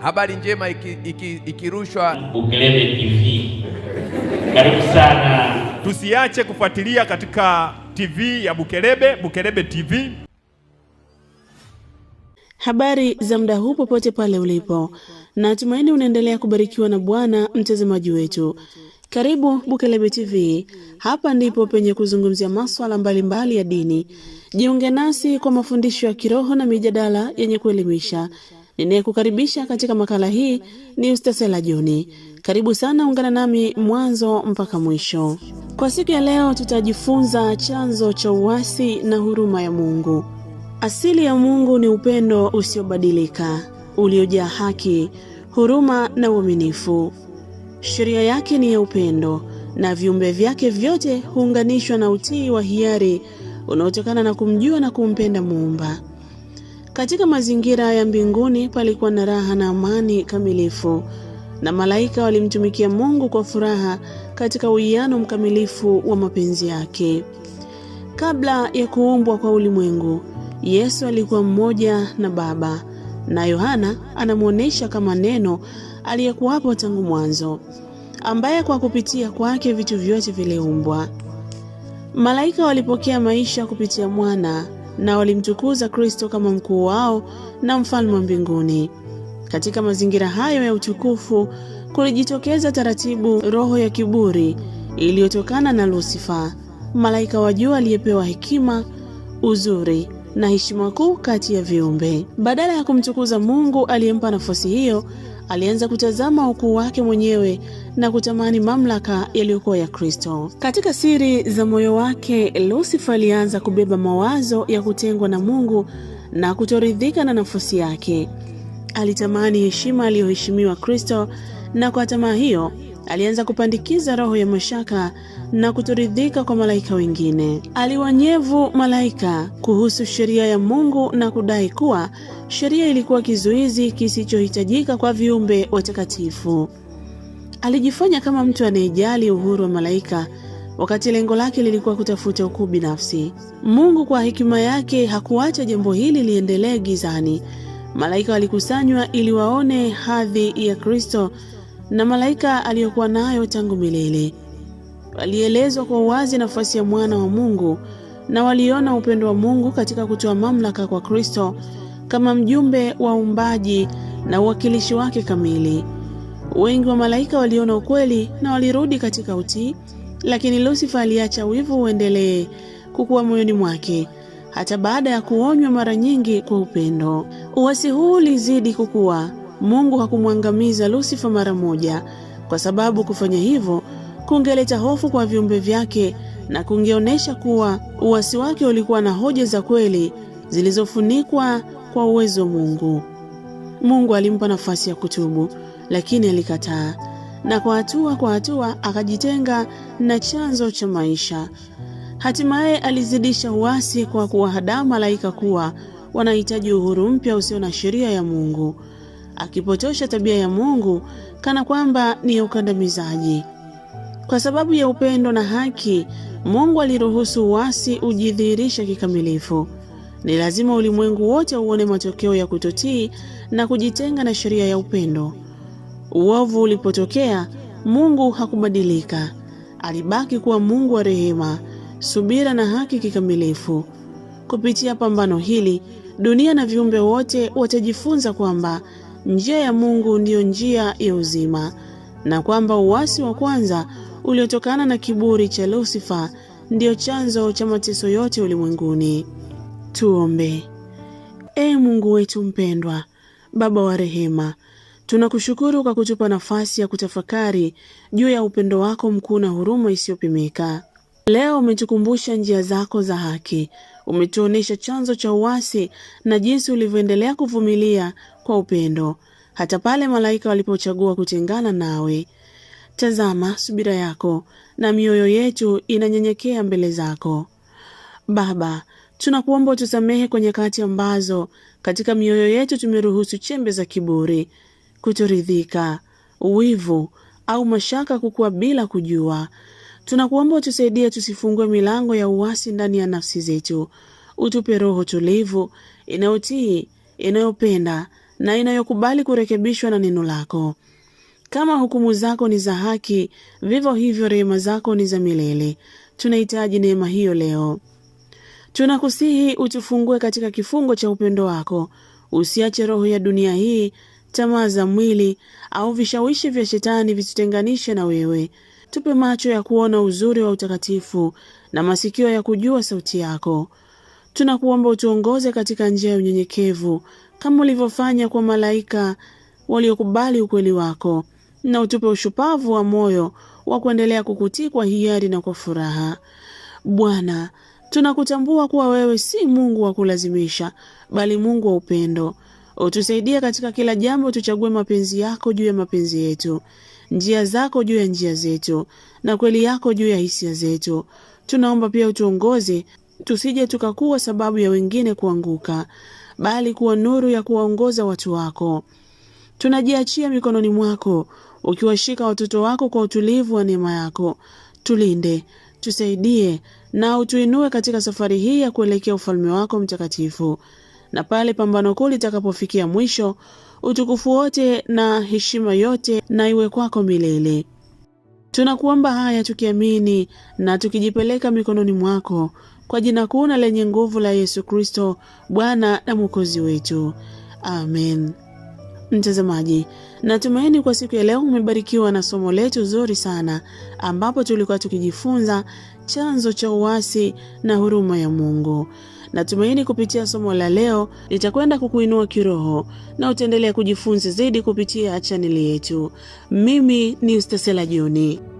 Habari njema ikirushwa iki, iki Bukelebe TV. Karibu sana, tusiache kufuatilia katika TV ya Bukelebe, Bukelebe TV. Habari za muda huu popote pale ulipo, na tumaini unaendelea kubarikiwa na Bwana mtazamaji wetu. Karibu Bukelebe TV. Hapa ndipo penye kuzungumzia masuala mbalimbali ya dini. Jiunge nasi kwa mafundisho ya kiroho na mijadala yenye kuelimisha Ninayekukaribisha katika makala hii ni Yustasela Joni. Karibu sana, ungana nami mwanzo mpaka mwisho. Kwa siku ya leo, tutajifunza chanzo cha uasi na huruma ya Mungu. Asili ya Mungu ni upendo usiobadilika, uliojaa haki, huruma na uaminifu. Sheria yake ni ya upendo na viumbe vyake vyote huunganishwa na utii wa hiari unaotokana na kumjua na kumpenda Muumba. Katika mazingira ya mbinguni palikuwa na raha na amani kamilifu, na malaika walimtumikia Mungu kwa furaha katika uwiano mkamilifu wa mapenzi yake. Kabla ya kuumbwa kwa ulimwengu, Yesu alikuwa mmoja na Baba, na Yohana anamwonyesha kama Neno aliyekuwapo tangu mwanzo, ambaye kwa kupitia kwake vitu vyote viliumbwa. Malaika walipokea maisha kupitia mwana na walimtukuza Kristo kama mkuu wao na mfalme wa mbinguni. Katika mazingira hayo ya utukufu kulijitokeza taratibu roho ya kiburi iliyotokana na Lusifa, malaika wa juu aliyepewa hekima, uzuri na heshima kuu kati ya viumbe. Badala ya kumtukuza Mungu aliyempa nafasi hiyo, alianza kutazama ukuu wake mwenyewe na kutamani mamlaka yaliyokuwa ya Kristo. Katika siri za moyo wake, Lusifa alianza kubeba mawazo ya kutengwa na Mungu na kutoridhika na nafasi yake. Alitamani heshima aliyoheshimiwa Kristo, na kwa tamaa hiyo alianza kupandikiza roho ya mashaka na kutoridhika kwa malaika wengine. Aliwanyevu malaika kuhusu sheria ya Mungu na kudai kuwa sheria ilikuwa kizuizi kisichohitajika kwa viumbe watakatifu. Alijifanya kama mtu anayejali uhuru wa malaika wakati lengo lake lilikuwa kutafuta ukuu binafsi. Mungu kwa hekima yake hakuacha jambo hili liendelee gizani. Malaika walikusanywa ili waone hadhi ya Kristo na malaika aliyokuwa nayo tangu milele. Walielezwa kwa uwazi nafasi ya mwana wa Mungu na waliona upendo wa Mungu katika kutoa mamlaka kwa Kristo kama mjumbe wa uumbaji na uwakilishi wake kamili. Wengi wa malaika waliona ukweli na walirudi katika utii, lakini Lusifa aliacha wivu uendelee kukuwa moyoni mwake hata baada ya kuonywa mara nyingi kwa upendo. Uasi huu ulizidi kukua Mungu hakumwangamiza Lusifa mara moja, kwa sababu kufanya hivyo kungeleta hofu kwa viumbe vyake na kungeonyesha kuwa uasi wake ulikuwa na hoja za kweli zilizofunikwa kwa uwezo wa Mungu. Mungu alimpa nafasi ya kutubu, lakini alikataa, na kwa hatua kwa hatua akajitenga na chanzo cha maisha. Hatimaye alizidisha uasi kwa kuwahadaa malaika kuwa wanahitaji uhuru mpya usio na sheria ya Mungu akipotosha tabia ya Mungu kana kwamba ni ya ukandamizaji. Kwa sababu ya upendo na haki, Mungu aliruhusu uasi ujidhihirishe kikamilifu. Ni lazima ulimwengu wote uone matokeo ya kutotii na kujitenga na sheria ya upendo. Uovu ulipotokea, Mungu hakubadilika. Alibaki kuwa Mungu wa rehema, subira na haki kikamilifu. Kupitia pambano hili, dunia na viumbe wote watajifunza kwamba njia ya Mungu ndiyo njia ya uzima, na kwamba uasi wa kwanza uliotokana na kiburi cha Lusifa ndiyo chanzo cha mateso yote ulimwenguni. Tuombe. Ee Mungu wetu mpendwa, Baba wa rehema, tunakushukuru kwa kutupa nafasi ya kutafakari juu ya upendo wako mkuu na huruma isiyopimika. Leo umetukumbusha njia zako za haki, umetuonyesha chanzo cha uasi na jinsi ulivyoendelea kuvumilia kwa upendo, hata pale malaika walipochagua kutengana nawe. Tazama subira yako na mioyo yetu inanyenyekea mbele zako. Baba, tunakuomba utusamehe kwa nyakati ambazo katika mioyo yetu tumeruhusu chembe za kiburi, kutoridhika, wivu au mashaka kukua bila kujua. Tunakuomba utusaidie tusifungue milango ya uasi ndani ya nafsi zetu. Utupe roho tulivu inayotii, inayopenda na inayokubali kurekebishwa na neno lako. Kama hukumu zako ni za haki, vivyo hivyo rehema zako ni za milele. Tunahitaji neema hiyo leo. Tunakusihi utufungue katika kifungo cha upendo wako. Usiache roho ya dunia hii, tamaa za mwili au vishawishi vya shetani visitutenganishe na wewe tupe macho ya kuona uzuri wa utakatifu na masikio ya kujua sauti yako. Tunakuomba utuongoze katika njia ya unyenyekevu kama ulivyofanya kwa malaika waliokubali ukweli wako, na utupe ushupavu wa moyo wa kuendelea kukutii kwa hiari na kwa furaha. Bwana, tunakutambua kuwa wewe si Mungu wa kulazimisha, bali Mungu wa upendo. Utusaidie katika kila jambo, tuchague mapenzi yako juu ya mapenzi yetu, njia zako juu ya njia zetu, na kweli yako juu ya hisia zetu. Tunaomba pia utuongoze tusije tukakuwa sababu ya wengine kuanguka, bali kuwa nuru ya kuwaongoza watu wako. Tunajiachia mikononi mwako, ukiwashika watoto wako kwa utulivu wa neema yako. Tulinde, tusaidie na utuinue katika safari hii ya kuelekea ufalme wako mtakatifu na pale pambano kuu litakapofikia mwisho, utukufu wote na heshima yote na iwe kwako milele. Tunakuomba haya tukiamini na tukijipeleka mikononi mwako kwa jina kuu na lenye nguvu la Yesu Kristo, Bwana na Mwokozi wetu, amen. Mtazamaji, natumaini kwa siku ya leo umebarikiwa na somo letu zuri sana ambapo tulikuwa tukijifunza chanzo cha uasi na huruma ya Mungu. Natumaini kupitia somo la leo litakwenda kukuinua kiroho na utaendelea kujifunza zaidi kupitia chaneli yetu. Mimi ni Yustasela Joni.